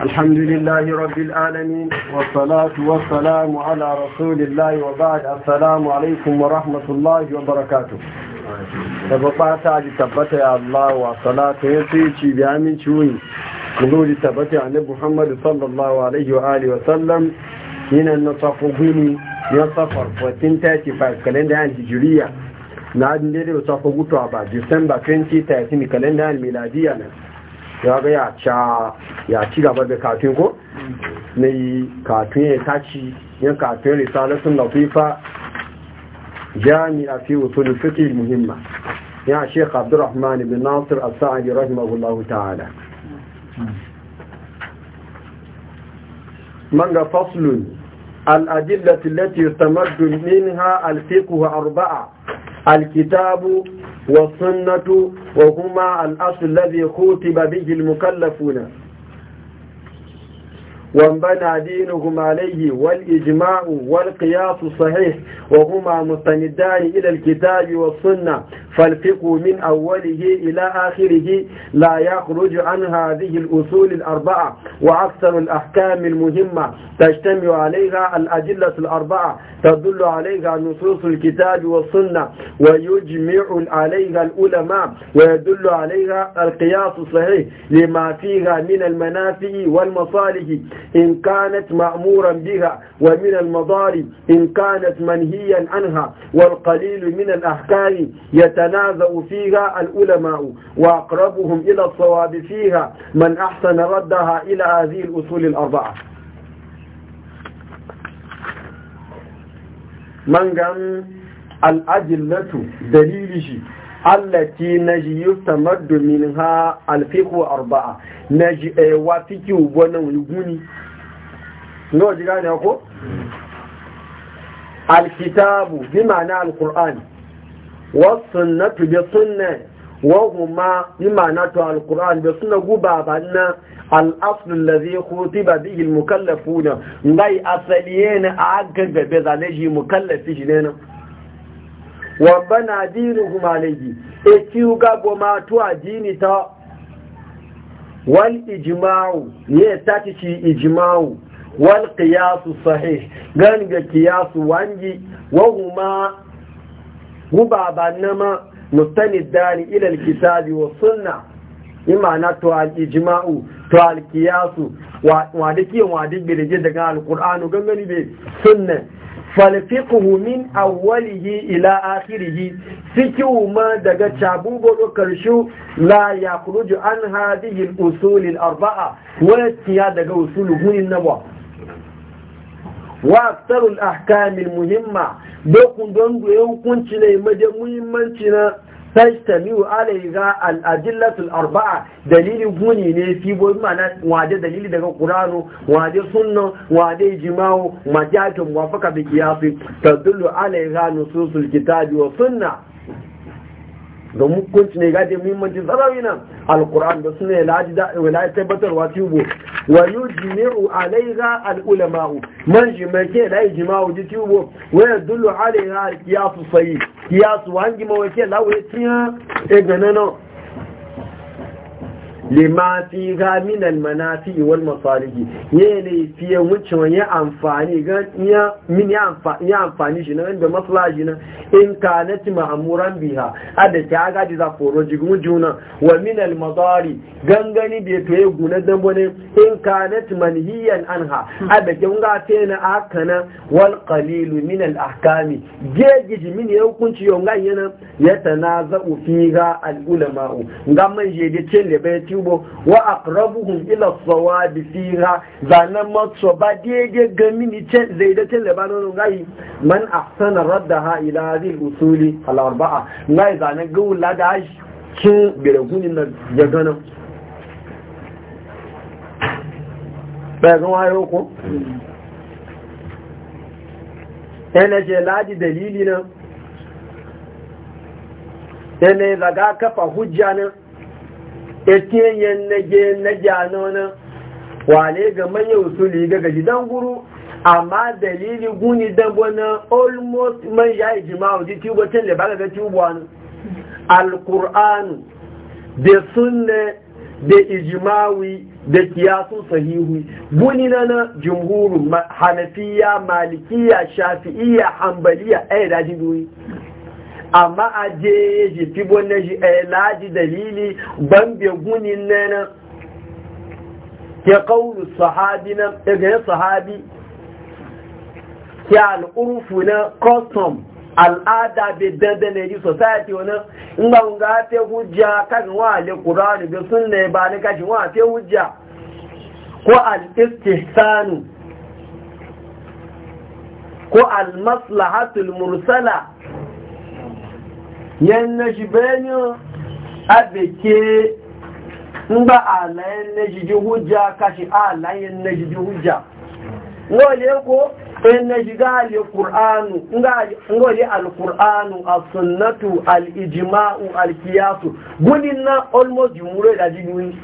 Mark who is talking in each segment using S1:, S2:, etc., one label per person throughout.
S1: الحمد لله رب العالمين والصلاة والسلام على رسول الله وبعد السلام عليكم ورحمة الله وبركاته tabbata ji tabbata ya Allah wa salatu ya ce ci bi aminciwi kullu tabbata ya annabi Muhammad sallallahu alaihi wa alihi wa sallam yana na safu safar 1435 na da gutu a ba Disamba 2013 kalenda ya miladiya ya ga ya ci gaba da katun ko na yi katun ya taci yin katun risalatun latifa jami'a fi da suke muhimma ya sheikh abdurrahman bin nasir as-sa'di rahimahullahu ta'ala manga faslun al-adillati allati yutamaddu ha al-fiqh arba'a الكتاب والسنة وهما الأصل الذي خوتب به المكلفون وانبنى دينهم عليه والإجماع والقياس الصحيح وهما مستندان إلى الكتاب والسنة فالفقه من أوله إلى آخره لا يخرج عن هذه الأصول الأربعة وأكثر الأحكام المهمة تجتمع عليها الأدلة الأربعة تدل عليها نصوص الكتاب والسنة ويجمع عليها العلماء ويدل عليها القياس الصحيح لما فيها من المنافع والمصالح إن كانت مأمورا بها ومن المضار إن كانت منهيا عنها والقليل من الأحكام يتنازع فيها العلماء وأقربهم إلى الصواب فيها من أحسن ردها إلى هذه الأصول الأربعة من قام al'ajillatu dalili shi allati naji yustamaddu ha alfiqhu arba'a naji e wa fiki ubona wuguni no jiga ne ko alkitabu bi ma'ana alquran was sunnatu bi sunnah wa huma bi ma'ana to alquran bi suna guba banna al'aslu lazi khutiba bihi almukallafuna ngai asaliyena aga gabe zalaji mukallafi jinena wambana dinu humalaji e ciuga goma tuwa dini ta wal ijma'u ne ta ci ijma'u wal qiyasu sahih gan ga qiyasu wangi wa huma guba banama mustanidani ila alkitabi wa sunnah imana to al-ijma'u to al-qiyasu wa da kiyan wa da daga al-qur'anu gangani be sunna falfiqhu min awwalihi ila akhirih fikihu ma daga cabubo karshu la an hadhihi al arbaa wani tiya daga usulu gunin nawa wa aktaru al muhimma dokun don hukunci ne maje muhimmanci na tajtamiu alayha al-adillatu al-arba'a dalili guni ne fi bo mana waje dalili daga qur'anu waje sunna waje ijma'u majatun wafaka bi qiyasi tadullu alayha nususul kitabi wa sunnah ga mukunci ne gaje muhimmanci sarawi nan alkur'an da suna walayi tabbatarwa tubo wa yi jimi'u alaiha al'ulama'u man jimake layi jima'u ji tubo wa ya dullu alaiha kiyasu sayi kiyasu hangi mawake lawo ya tiya e ganana lima fi ga manafi wal masalihi ye ne fiye wuce wani amfani ga min ya amfani shi na wanda maslaha shi na in kanati ma'amuran biha ada ta gaji za za foro jigun juna wa minan mazari gangani bai to ya guna dan in kanati manhiyan anha ada ke ga ta na kana, wal kalilu min al ahkami gegiji min ya hukunci yo ga yana ya tanaza fi ga al ga man je da cin da bai bo wa aqrabuhum ila sawab fiha zana matso ba dege gami ni can zai da tele ba nono gai man ahsana raddaha ila hadhihi usuli al arba'a ngai zanan la da shi kin birakuni na gana ba ga wayo ko ene je ladi dalili nan ene zaga kafa hujja na? etiyen yan je na nan wale ga manya usuli ga gaji dan guru amma dalili guni dan bona almost man ya yi jima'u ji tin da baga ga an alquran da sunne da ijimawi da kiyasu sahihu guni na na jumhuru hanafiya malikiya shafi'iya hanbaliya ɗaya eh, da jidoyi amma a je ji fi bonne shi a eh, laji dalili ban be gunin ya kawo sahabi na daga ya sahabi ya al'urufu na custom al'ada bai dandane ji society wani inda ba nga te hujja kan wa le bai sun ne ba ni kashi wa te hujja ko al-istihsanu ko al-maslahatul mursala yanna shi benin abeke ngba ala yanna jiji hujja kashi ala yanna jiji hujja ngole ko yanna jiga alqur'anu ngole alqur'anu as-sunnatu al-ijma'u al-qiyas guninna almost jumure da jiguni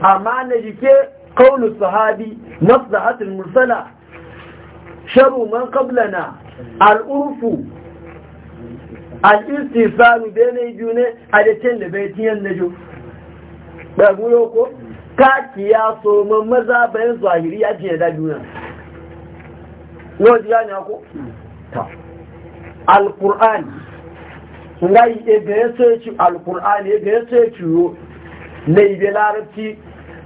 S1: amma ne jike qawlu sahabi nafsahatul mursala sharu man qablana al-urfu al'istifaru da ne biyu ne a da can da bai tiyan na jo ba guyo ko ka ya so man maza bayan zahiri ya jiya da duniya. na ji gani ko ta al-qur'an nga yi ebe ya so e ci al-qur'an ebe so e ci yo ne ibe larabci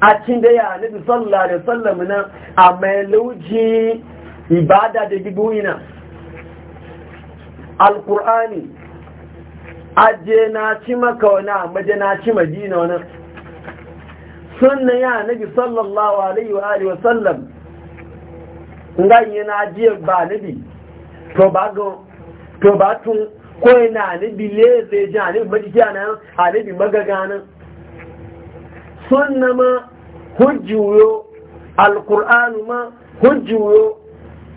S1: a cin da ya nabi sallallahu alaihi wasallam na a mai e lauji ibada da gibuina ina aje na ci maka wani amaje na ci madina wani sunna ya nabi sallallahu alaihi wa alihi wasallam nganye na ajiyar ba nabi to ba ga to ba tun ko na nabi le zai ji nabi majiya na nabi magagana sunna ma hujjuyo alqur'anu ma hujjuyo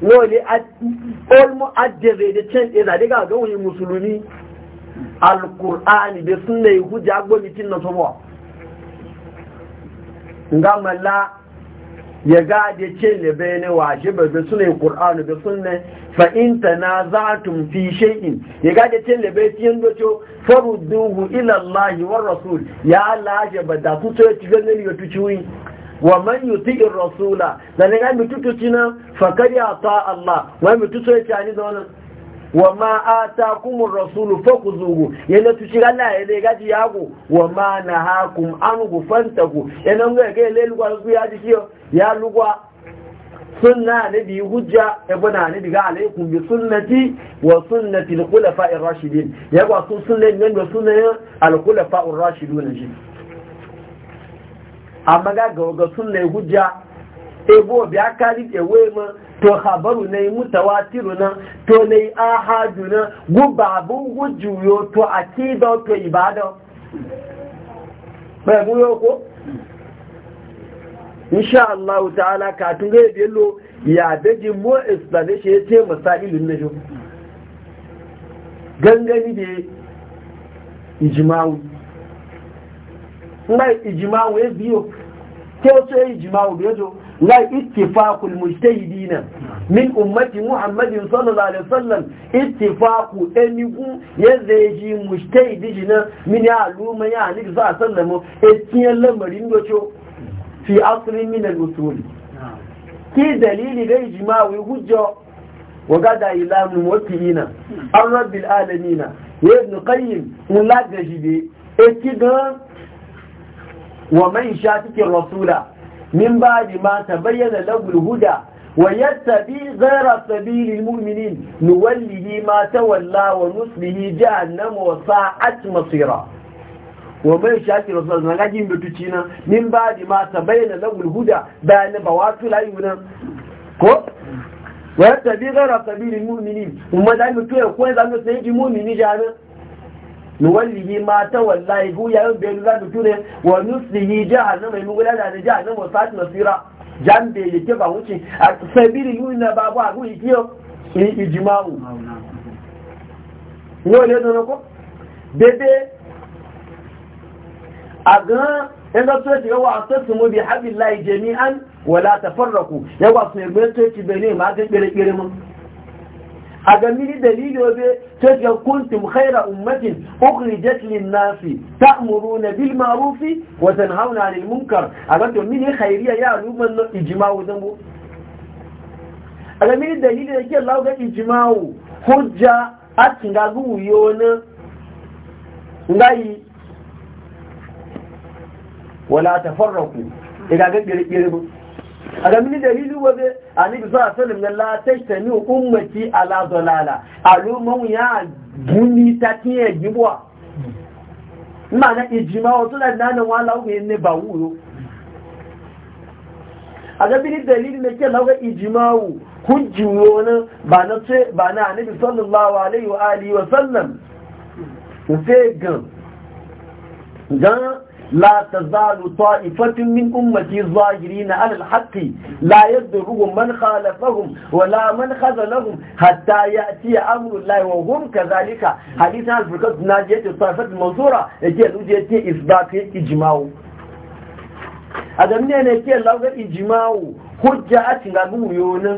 S1: wani olmo aje da can ɗaya e zaɗe ga wani musulmi alkur'ani da suna yi hujja agbomitin na sobo gamala ya gade ce ne bayani wa shi ba da suna yi kur'ani da suna fa'inta na za tun fi shai'in ya gade ce ne bai fiye ce faru duhu ilallahi wa rasul ya lashe ba da su so ya ci ganin ya tuci wuyi wa man in rasula da ne ga mututuci nan fakar ya ta Allah wa mututuci ya ci ani da wannan wa ma atakumur rasulu fakuzuhu yana tu shiga Allah ya dai gaji yago wa ma nahakum anhu ku yana ga ga lelu kwa su ya ji ya lugwa sunna yi hujja ne bi ga alaikum bi sunnati wa sunnati al-khulafa ar-rashidin ya ga sun sunna ne da sunna al-khulafa ar-rashidun ji amma ga ga sunna hujja ebo biya kari ewe ma to habaru na yi mutawatiru na to na yi ahaju na gubabun gujuyo to akida to ibada bai guyo ko insha Allah ta'ala ka ture bello ya daji mo explanation ya ce masailin na shi gangani da ijimawu na ijimawu ya e biyo ke so e ijimawu biyo la ittifaqul mujtahidina min ummati muhammadin sallallahu alaihi wasallam ittifaqu enigu yezeji mujtahidina min ya luma ya ali za sallamo etiye lamari ndocho fi asri min al usul ki dalili da ijma wa hujja wa gada ila muwakkilina ar rabb al alamin ibn qayyim ulad jibi etiga wa man shatiki rasula min ba'di ma tabayyana lahu al-huda wa yattabi ghayra sabili al-mu'minin nuwallihi ma tawalla wa nuslihi jahannama wa sa'at masira wa mai shaki rasul na gajin bituci na min ba'di ma tabayyana lahu al-huda da na bawatu layuna ko wa yattabi ghayra sabili nuwallihi ma ta wallahi hu ya yin bayan zaɓi tune wa nuslihi jahannama mai mugula da jahannama wasu hati nasira jan da yake ba wuce a sabiri yi na babu a guji kiyo ni ijimawu. yau ne dono ko bebe a gan yadda so yawa a sassu mu bi habillahi jami'an wala tafarraku yawa su ne gwamnati bai ne ma ga kere-kere mun a mini dalili wabe ta ga kuntum khaira ummatin ukhrijat lin nasi ta'muruna bil ma'rufi wa tanhauna 'anil munkar a ga to mini khairiya ya alumman no ijma'u dan mu a ga mini dalili da ke Allah ga ijma'u hujja a tinga yona, na ngai wala tafarraqu ida ga gire gire a ga mini dalili wabe a ni bisa salim na la ni ummati ala dalala alumun ya guni ta tiye gibwa ma na ijima wato da nan wala uwe ne ba wuro a ga mini dalili ne ke lawa ijimawu hujjuwo na ba na ce ba na annabi sallallahu alaihi wa alihi wa sallam sai gan gan la ta zalu ta'ifatin min ummati zahirina ala alhaqi la yadruhum man khalafahum wa la man khazalahum hatta ya'ti amru llahi wa hum kadhalika hadith al-furqan najiyat ta'ifat al-mansura yake duje yake isbat yake ijma'u adamne ne yake lauga ijma'u hujja a cikin gabu yona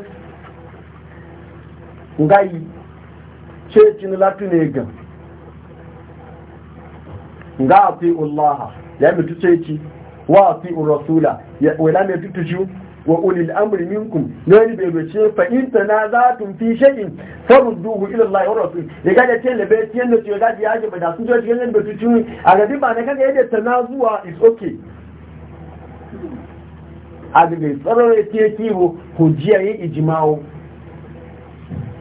S1: ngai ce cin latin ega ngafi ullaha ya mi tuce yake wa fi rasula ya wala mi tutuju wa ulil amri minkum yani bai bace fa in tun fi shay'in farudduhu ila Allah wa rasul ya ga da tele bai tiyan da tiyo gaji yaji ba da sun je cikin da tutu a ga ba na kaga yadda tanazuwa is okay a ga ce ki ho kiwo hujjiya yi ijma'u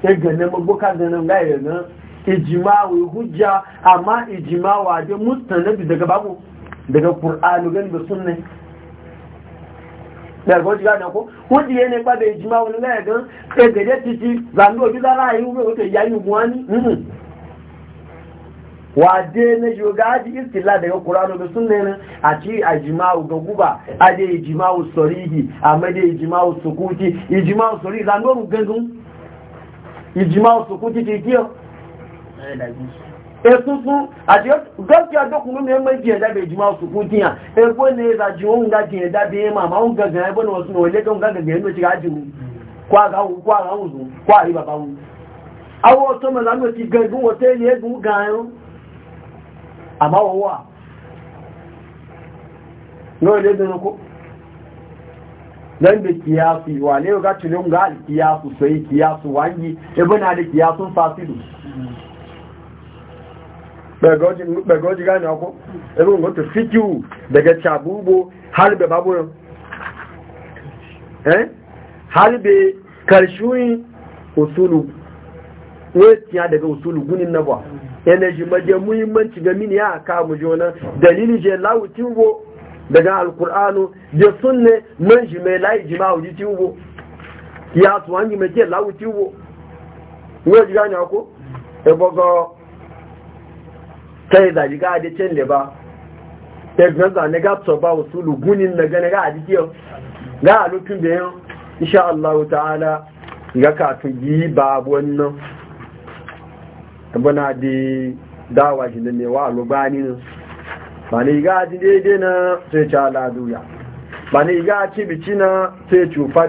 S1: sai ga nan mabuka ga nan ga yana ijma'u hujja amma ijma'u a ga mustanabi daga babu daga ƙur'anu gani da sunan daga wajen gane ko wanda ya nekpa da ijima wani gaya gan ƙegede titi zandu obi zara ayi ube wata yayi wani mhm. wade na yoga ji istila daga ƙur'anu da sunan a ci a jima'u ga guba a da ijima'u sorihi a mai da ijima'u sukuti ijima'u sorihi zandu obi gangun ijima'u sukuti ke kiyo esusu àti gọ́ọ̀kì adókùnrin mẹ́ mẹ́ jẹ́ ẹ̀dábẹ̀ ìjùmọ̀ òsùnkú díyàn epo ní ìrìnàjò òun ga jẹ́ ẹ̀dábẹ̀ ẹ̀mà àmà òun ẹgbẹ́ ní ọ̀sùn òun tó mẹ́lá ló ti gẹ̀ ẹ̀gún wọ́tẹ́ ilé ẹ̀gún gan-an àmà wọ́n wà lórí lẹ́gbẹ̀ẹ́ kó don da kiyasu wa ne ga tulun ga kiyasu sai kiyasu da ɓagawaji gane Ebe irin wata fikiyu daga cabubo halbe babunan eh halbe karshen usulu wetiya daga usulu gunin na ba Ene energy maje muhimmanci ga mini ya aka mu jona dalili je lawu tubo daga alqur'anu je sunne man ji mai lai jima'u ji tubo ya tuwangi mai je lawu tubo wani gane ako ebogo kai da ji ga da cin da ba ta gaza ne ga to ba usulu gunin na gane ga ji kiyo ga alutun da yau Allah ta'ala ga ka yi ba di dawa shi ba ga daidai na sai ta laduya ba na sai cufa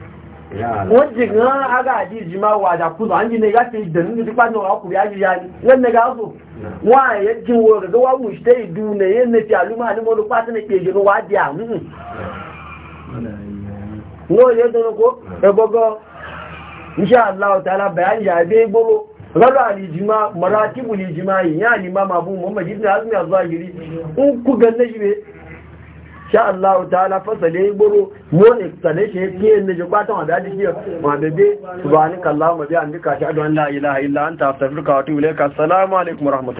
S1: wọ́n jì gan ara àti ìjìmá wà àjàkúzọ̀ á ń jìnà ìyá ti ìdẹ̀nú ní pípá náà ọkùnrin ayé ya ni wọ́n ọ̀sọ̀ wọ́n àyẹ́ jí wo rẹ̀ wọ́n mú ìṣẹ́ ìdú nẹ̀yẹ́ ní àlúmọ́ ànímọ́lú pátí ní pèjì ní wà á di àmúhùn ní òye dúnú kó ẹgbọ́gọ́ iṣẹ́ aláwọ̀ tààlà bẹ̀rẹ̀ ìyá ẹgbẹ́ gbóró rọ́lọ́ àlìjìmá mọ̀rá kíbùlì ìjìmá yìí ní àlìmá màbú sha Allah fasa fasale yi buru mun ikitale shi fiye ne ji kwatan wa daji fiye ma bebe subhanaka ma biya an dika shi la'ila la ilaha illa anta firka wa atubu ka salamu alaikum wa